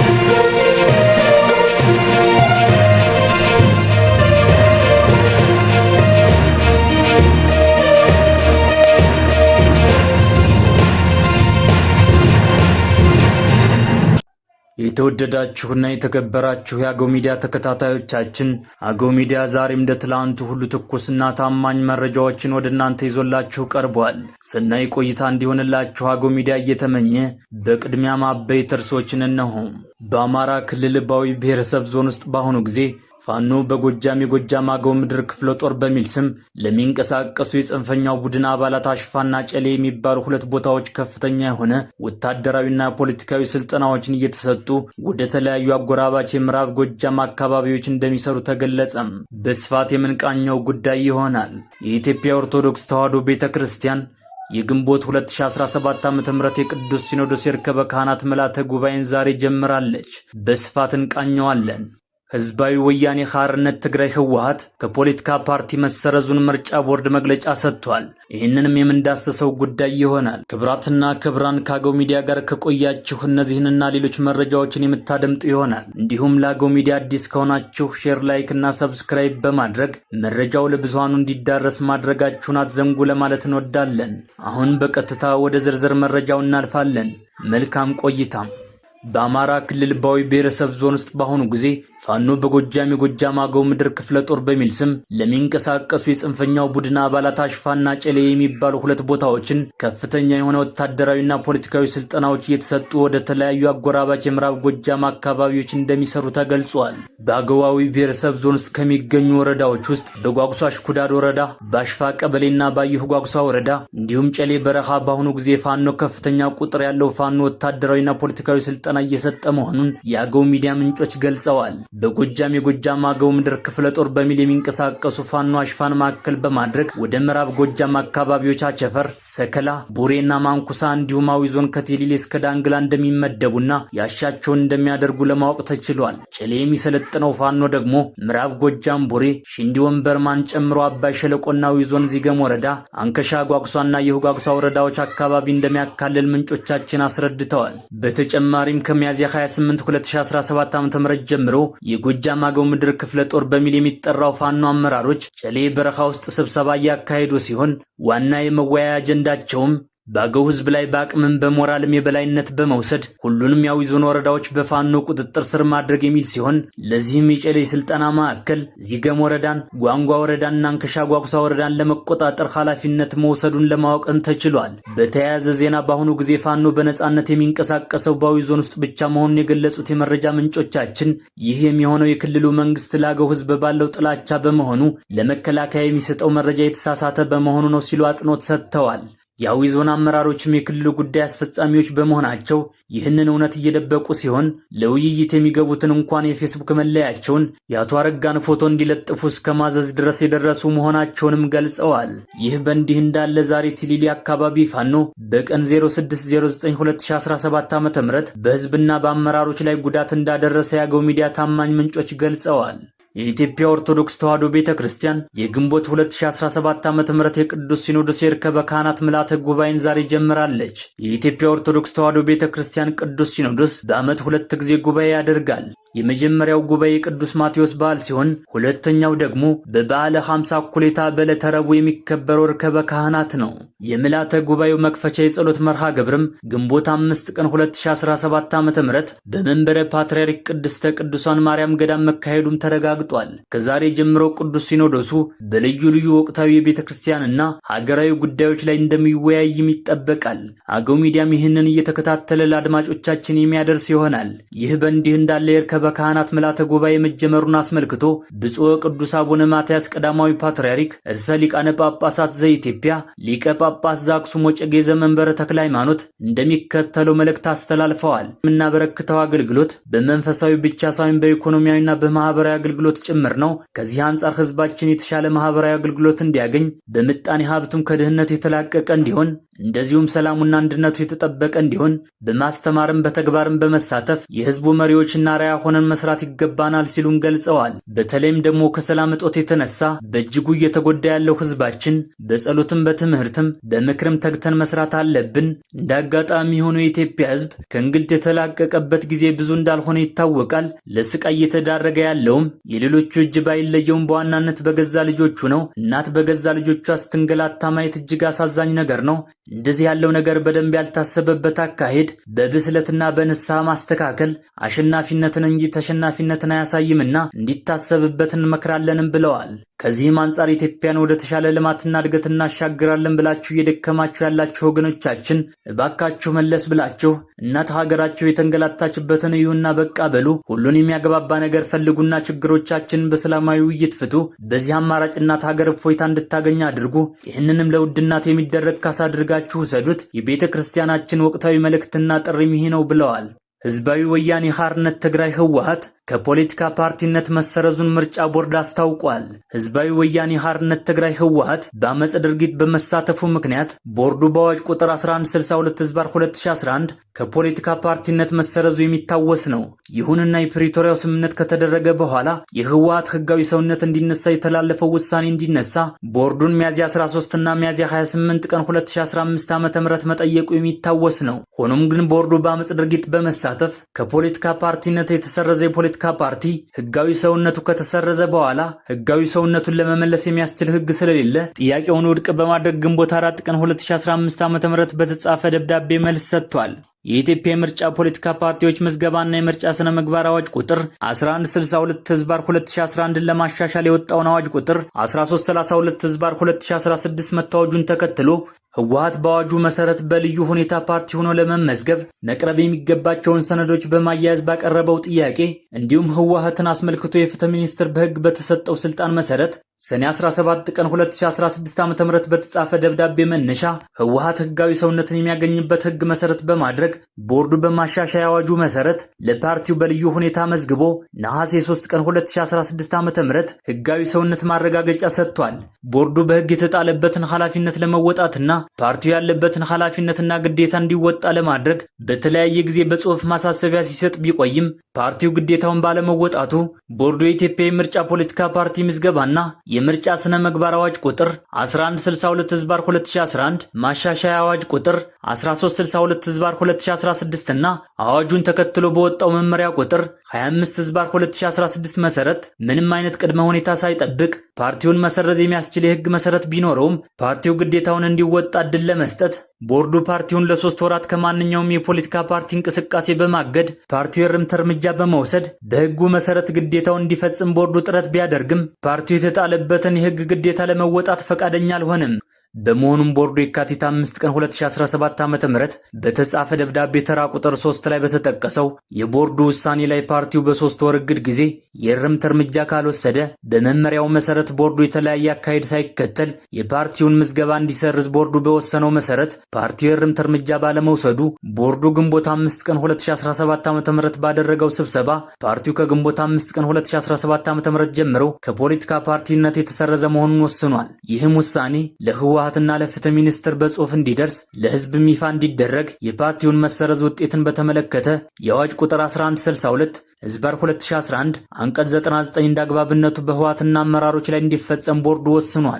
Música የተወደዳችሁና የተከበራችሁ የአገው ሚዲያ ተከታታዮቻችን አገው ሚዲያ ዛሬም እንደ ትላንቱ ሁሉ ትኩስና ታማኝ መረጃዎችን ወደ እናንተ ይዞላችሁ ቀርቧል። ሰናይ ቆይታ እንዲሆንላችሁ አገው ሚዲያ እየተመኘ በቅድሚያም አበይት ተርሶችን እነሆ። በአማራ ክልል ባዊ ብሔረሰብ ዞን ውስጥ በአሁኑ ጊዜ ፋኖ በጎጃም የጎጃም አገው ምድር ክፍለ ጦር በሚል ስም ለሚንቀሳቀሱ የጽንፈኛው ቡድን አባላት አሽፋና ጨሌ የሚባሉ ሁለት ቦታዎች ከፍተኛ የሆነ ወታደራዊና ፖለቲካዊ ስልጠናዎችን እየተሰጡ ወደ ተለያዩ አጎራባች የምዕራብ ጎጃም አካባቢዎች እንደሚሰሩ ተገለጸም። በስፋት የምንቃኘው ጉዳይ ይሆናል። የኢትዮጵያ ኦርቶዶክስ ተዋሕዶ ቤተ ክርስቲያን የግንቦት 2017 ዓ.ም የቅዱስ ሲኖዶስ የርከበ ካህናት ምልዓተ ጉባኤን ዛሬ ጀምራለች። በስፋት እንቃኘዋለን። ህዝባዊ ወያኔ ሐርነት ትግራይ ህወሀት ከፖለቲካ ፓርቲ መሰረዙን ምርጫ ቦርድ መግለጫ ሰጥቷል። ይህንንም የምንዳሰሰው ጉዳይ ይሆናል። ክብራትና ክብራን ከአገው ሚዲያ ጋር ከቆያችሁ እነዚህንና ሌሎች መረጃዎችን የምታደምጡ ይሆናል። እንዲሁም ለአገው ሚዲያ አዲስ ከሆናችሁ ሼር፣ ላይክ እና ሰብስክራይብ በማድረግ መረጃው ለብዙሃኑ እንዲዳረስ ማድረጋችሁን አትዘንጉ ለማለት እንወዳለን። አሁን በቀጥታ ወደ ዝርዝር መረጃው እናልፋለን። መልካም ቆይታም በአማራ ክልል ባዊ ብሔረሰብ ዞን ውስጥ በአሁኑ ጊዜ ፋኖ በጎጃም የጎጃም አገው ምድር ክፍለ ጦር በሚል ስም ለሚንቀሳቀሱ የጽንፈኛው ቡድን አባላት አሽፋና ጨሌ የሚባሉ ሁለት ቦታዎችን ከፍተኛ የሆነ ወታደራዊና ፖለቲካዊ ስልጠናዎች እየተሰጡ ወደ ተለያዩ አጎራባች የምዕራብ ጎጃም አካባቢዎች እንደሚሰሩ ተገልጿል። በአገዋዊ ብሔረሰብ ዞን ውስጥ ከሚገኙ ወረዳዎች ውስጥ በጓጉሷ ሽኩዳድ ወረዳ፣ በአሽፋ ቀበሌና ባየሁ ጓጉሷ ወረዳ እንዲሁም ጨሌ በረሃ በአሁኑ ጊዜ ፋኖ ከፍተኛ ቁጥር ያለው ፋኖ ወታደራዊና ፖለቲካዊ ስልጠና ስልጠና እየሰጠ መሆኑን የአገው ሚዲያ ምንጮች ገልጸዋል። በጎጃም የጎጃም አገው ምድር ክፍለ ጦር በሚል የሚንቀሳቀሱ ፋኖ አሽፋን ማዕከል በማድረግ ወደ ምዕራብ ጎጃም አካባቢዎች አቸፈር፣ ሰከላ፣ ቡሬና ማንኩሳ እንዲሁም አዊ ዞን ከቴሌሌ እስከ ዳንግላ እንደሚመደቡና ያሻቸውን እንደሚያደርጉ ለማወቅ ተችሏል። ጨሌ የሚሰለጥነው ፋኖ ደግሞ ምዕራብ ጎጃም ቡሬ፣ ሽንዲ ወንበርማን ጨምሮ አባይ ሸለቆና አዊ ዞን ዚገም ወረዳ፣ አንከሻ ጓጉሷና የሁጓጉሷ ወረዳዎች አካባቢ እንደሚያካልል ምንጮቻችን አስረድተዋል። በተጨማሪም በተለይም ከሚያዝያ 28 2017 ዓ ም ጀምሮ የጎጃም አገው ምድር ክፍለ ጦር በሚል የሚጠራው ፋኖ አመራሮች ጨሌ በረኻ ውስጥ ስብሰባ እያካሄዱ ሲሆን ዋና የመወያያ አጀንዳቸውም በአገው ህዝብ ላይ በአቅምም በሞራልም የበላይነት በመውሰድ ሁሉንም ያዊዞን ወረዳዎች በፋኖ ቁጥጥር ስር ማድረግ የሚል ሲሆን ለዚህም የጨሌ ስልጠና ማዕከል ዚገም ወረዳን፣ ጓንጓ ወረዳና አንከሻ ጓጉሳ ወረዳን ለመቆጣጠር ኃላፊነት መውሰዱን ለማወቅን ተችሏል። በተያያዘ ዜና በአሁኑ ጊዜ ፋኖ በነጻነት የሚንቀሳቀሰው በአዊዞን ውስጥ ብቻ መሆኑን የገለጹት የመረጃ ምንጮቻችን ይህ የሚሆነው የክልሉ መንግስት ለአገው ህዝብ ባለው ጥላቻ በመሆኑ ለመከላከያ የሚሰጠው መረጃ የተሳሳተ በመሆኑ ነው ሲሉ አጽንኦት ሰጥተዋል። የአዊ ዞን አመራሮችም የክልሉ ጉዳይ አስፈጻሚዎች በመሆናቸው ይህንን እውነት እየደበቁ ሲሆን ለውይይት የሚገቡትን እንኳን የፌስቡክ መለያቸውን የአቶ አረጋን ፎቶ እንዲለጥፉ እስከ ማዘዝ ድረስ የደረሱ መሆናቸውንም ገልጸዋል። ይህ በእንዲህ እንዳለ ዛሬ ቲሊሊ አካባቢ ፋኖ በቀን 06092017 ዓ ም በህዝብና በአመራሮች ላይ ጉዳት እንዳደረሰ የአገው ሚዲያ ታማኝ ምንጮች ገልጸዋል። የኢትዮጵያ ኦርቶዶክስ ተዋሕዶ ቤተ ክርስቲያን የግንቦት 2017 ዓ.ም የቅዱስ ሲኖዶስ የርክበ ካህናት ምልዓተ ጉባኤን ዛሬ ጀምራለች። የኢትዮጵያ ኦርቶዶክስ ተዋሕዶ ቤተ ክርስቲያን ቅዱስ ሲኖዶስ በዓመት ሁለት ጊዜ ጉባኤ ያደርጋል። የመጀመሪያው ጉባኤ ቅዱስ ማቴዎስ በዓል ሲሆን ሁለተኛው ደግሞ በበዓለ ሐምሳ እኩሌታ በዕለተ ረቡዕ የሚከበረው ርክበ ካህናት ነው። የምልዓተ ጉባኤው መክፈቻ የጸሎት መርሃ ግብርም ግንቦት አምስት ቀን 2017 ዓ ም በመንበረ ፓትርያርክ ቅድስተ ቅዱሳን ማርያም ገዳም መካሄዱም ተረጋግጧል። ከዛሬ ጀምሮ ቅዱስ ሲኖዶሱ በልዩ ልዩ ወቅታዊ የቤተ ክርስቲያንና ሀገራዊ ጉዳዮች ላይ እንደሚወያይም ይጠበቃል። አገው ሚዲያም ይህንን እየተከታተለ ለአድማጮቻችን የሚያደርስ ይሆናል። ይህ በእንዲህ እንዳለ የርከ በካህናት ምልዓተ ጉባኤ መጀመሩን አስመልክቶ ብፁዕ ቅዱስ አቡነ ማትያስ ቀዳማዊ ፓትርያርክ ርዕሰ ሊቃነ ጳጳሳት ዘኢትዮጵያ ሊቀ ጳጳስ ዘአክሱም ወዕጨጌ ዘመንበረ ተክለ ሃይማኖት እንደሚከተለው መልእክት አስተላልፈዋል። የምናበረክተው አገልግሎት በመንፈሳዊ ብቻ ሳይሆን በኢኮኖሚያዊና በማህበራዊ አገልግሎት ጭምር ነው። ከዚህ አንጻር ህዝባችን የተሻለ ማህበራዊ አገልግሎት እንዲያገኝ፣ በምጣኔ ሀብቱም ከድህነቱ የተላቀቀ እንዲሆን፣ እንደዚሁም ሰላሙና አንድነቱ የተጠበቀ እንዲሆን በማስተማርም በተግባርም በመሳተፍ የህዝቡ መሪዎችና ራያ ሆነን መስራት ይገባናል ሲሉም ገልጸዋል። በተለይም ደግሞ ከሰላም እጦት የተነሳ በእጅጉ እየተጎዳ ያለው ህዝባችን በጸሎትም፣ በትምህርትም፣ በምክርም ተግተን መስራት አለብን። እንደ አጋጣሚ የሆነው የኢትዮጵያ ህዝብ ከእንግልት የተላቀቀበት ጊዜ ብዙ እንዳልሆነ ይታወቃል። ለስቃይ እየተዳረገ ያለውም የሌሎቹ እጅ ባይለየውም በዋናነት በገዛ ልጆቹ ነው። እናት በገዛ ልጆቿ ስትንገላታ ማየት እጅግ አሳዛኝ ነገር ነው። እንደዚህ ያለው ነገር በደንብ ያልታሰበበት አካሄድ በብስለትና በንስሐ ማስተካከል አሸናፊነትን እንጂ ተሸናፊነትን አያሳይምና እንዲታሰብበት እንመክራለንም ብለዋል። ከዚህም አንጻር ኢትዮጵያን ወደ ተሻለ ልማትና እድገት እናሻግራለን ብላችሁ እየደከማችሁ ያላችሁ ወገኖቻችን እባካችሁ መለስ ብላችሁ እናት ሀገራችሁ የተንገላታችበትን እዩና በቃ በሉ። ሁሉን የሚያገባባ ነገር ፈልጉና ችግሮቻችን በሰላማዊ ውይይት ፍቱ። በዚህ አማራጭ እናት ሀገር እፎይታ እንድታገኝ አድርጉ። ይህንንም ለውድ እናት የሚደረግ ካሳ አድርጋችሁ ውሰዱት። የቤተ ክርስቲያናችን ወቅታዊ መልእክትና ጥሪም ይህ ነው ብለዋል። ህዝባዊ ወያኔ ሐርነት ትግራይ ህወሓት ከፖለቲካ ፓርቲነት መሰረዙን ምርጫ ቦርድ አስታውቋል። ህዝባዊ ወያኔ ሐርነት ትግራይ ህወሓት በአመፅ ድርጊት በመሳተፉ ምክንያት ቦርዱ በአዋጅ ቁጥር 1162 ህዝባር 2011 ከፖለቲካ ፓርቲነት መሰረዙ የሚታወስ ነው። ይሁንና የፕሪቶሪያው ስምምነት ከተደረገ በኋላ የህወሀት ህጋዊ ሰውነት እንዲነሳ የተላለፈው ውሳኔ እንዲነሳ ቦርዱን ሚያዝያ 13 እና ሚያዝያ 28 ቀን 2015 ዓ ም መጠየቁ የሚታወስ ነው። ሆኖም ግን ቦርዱ በአመፅ ድርጊት በመሳተፍ ከፖለቲካ ፓርቲነት የተሰረዘ የፖለቲካ ፓርቲ ህጋዊ ሰውነቱ ከተሰረዘ በኋላ ህጋዊ ሰውነቱን ለመመለስ የሚያስችል ህግ ስለሌለ ጥያቄውን ውድቅ በማድረግ ግንቦት 4 ቀን 2015 ዓ ም በተጻፈ ደብዳቤ መልስ ሰጥቷል። የኢትዮጵያ የምርጫ ፖለቲካ ፓርቲዎች ምዝገባና የምርጫ ስነ ምግባር አዋጅ ቁጥር 1162 ህዝባር 2011 ለማሻሻል የወጣውን አዋጅ ቁጥር 1332 ህዝባር 2016 መታወጁን ተከትሎ ህወሀት በአዋጁ መሰረት በልዩ ሁኔታ ፓርቲ ሆኖ ለመመዝገብ መቅረብ የሚገባቸውን ሰነዶች በማያያዝ ባቀረበው ጥያቄ እንዲሁም ህወሀትን አስመልክቶ የፍትህ ሚኒስትር በህግ በተሰጠው ስልጣን መሰረት ሰኔ 17 ቀን 2016 ዓ.ም በተጻፈ ደብዳቤ መነሻ ህወሀት ህጋዊ ሰውነትን የሚያገኝበት ህግ መሰረት በማድረግ ቦርዱ በማሻሻያ አዋጁ መሰረት ለፓርቲው በልዩ ሁኔታ መዝግቦ ነሐሴ 3 ቀን 2016 .ም ህጋዊ ሰውነት ማረጋገጫ ሰጥቷል። ቦርዱ በህግ የተጣለበትን ኃላፊነት ለመወጣትና ፓርቲው ያለበትን ኃላፊነትና ግዴታ እንዲወጣ ለማድረግ በተለያየ ጊዜ በጽሑፍ ማሳሰቢያ ሲሰጥ ቢቆይም ፓርቲው ግዴታውን ባለመወጣቱ ቦርዱ የኢትዮጵያ የምርጫ ፖለቲካ ፓርቲ ምዝገባና የምርጫ ስነ ምግባር አዋጅ ቁጥር 1162 ህዝባር 2011 ማሻሻያ አዋጅ ቁጥር 1362 ህዝባር 2016 እና አዋጁን ተከትሎ በወጣው መመሪያ ቁጥር 25 ህዝባር 2016 መሰረት ምንም አይነት ቅድመ ሁኔታ ሳይጠብቅ ፓርቲውን መሰረዝ የሚያስችል የህግ መሰረት ቢኖረውም ፓርቲው ግዴታውን እንዲወጣ ወጣት ድል ለመስጠት ቦርዱ ፓርቲውን ለሶስት ወራት ከማንኛውም የፖለቲካ ፓርቲ እንቅስቃሴ በማገድ ፓርቲው የርምት እርምጃ በመውሰድ በሕጉ መሰረት ግዴታው እንዲፈጽም ቦርዱ ጥረት ቢያደርግም ፓርቲው የተጣለበትን የሕግ ግዴታ ለመወጣት ፈቃደኛ አልሆነም። በመሆኑም ቦርዱ የካቲት 5 ቀን 2017 ዓ.ም በተጻፈ ደብዳቤ ተራ ቁጥር 3 ላይ በተጠቀሰው የቦርዱ ውሳኔ ላይ ፓርቲው በሶስት ወር እግድ ጊዜ የእርምት እርምጃ ካልወሰደ በመመሪያው መሰረት ቦርዱ የተለያየ አካሄድ ሳይከተል የፓርቲውን ምዝገባ እንዲሰርዝ ቦርዱ በወሰነው መሰረት ፓርቲው የእርምት እርምጃ ባለመውሰዱ ቦርዱ ግንቦት 5 ቀን 2017 ም ባደረገው ስብሰባ ፓርቲው ከግንቦት 5 ቀን 2017 ዓ.ም ጀምሮ ከፖለቲካ ፓርቲነት የተሰረዘ መሆኑን ወስኗል። ይህም ውሳኔ ለህዋ ለህወሀትና ለፍትህ ሚኒስትር በጽሁፍ እንዲደርስ ለህዝብም ይፋ እንዲደረግ የፓርቲውን መሰረዝ ውጤትን በተመለከተ የአዋጅ ቁጥር 1162 ህዝባር 2011 አንቀጽ 99 እንዳግባብነቱ በህወሀትና አመራሮች ላይ እንዲፈጸም ቦርዱ ወስኗል።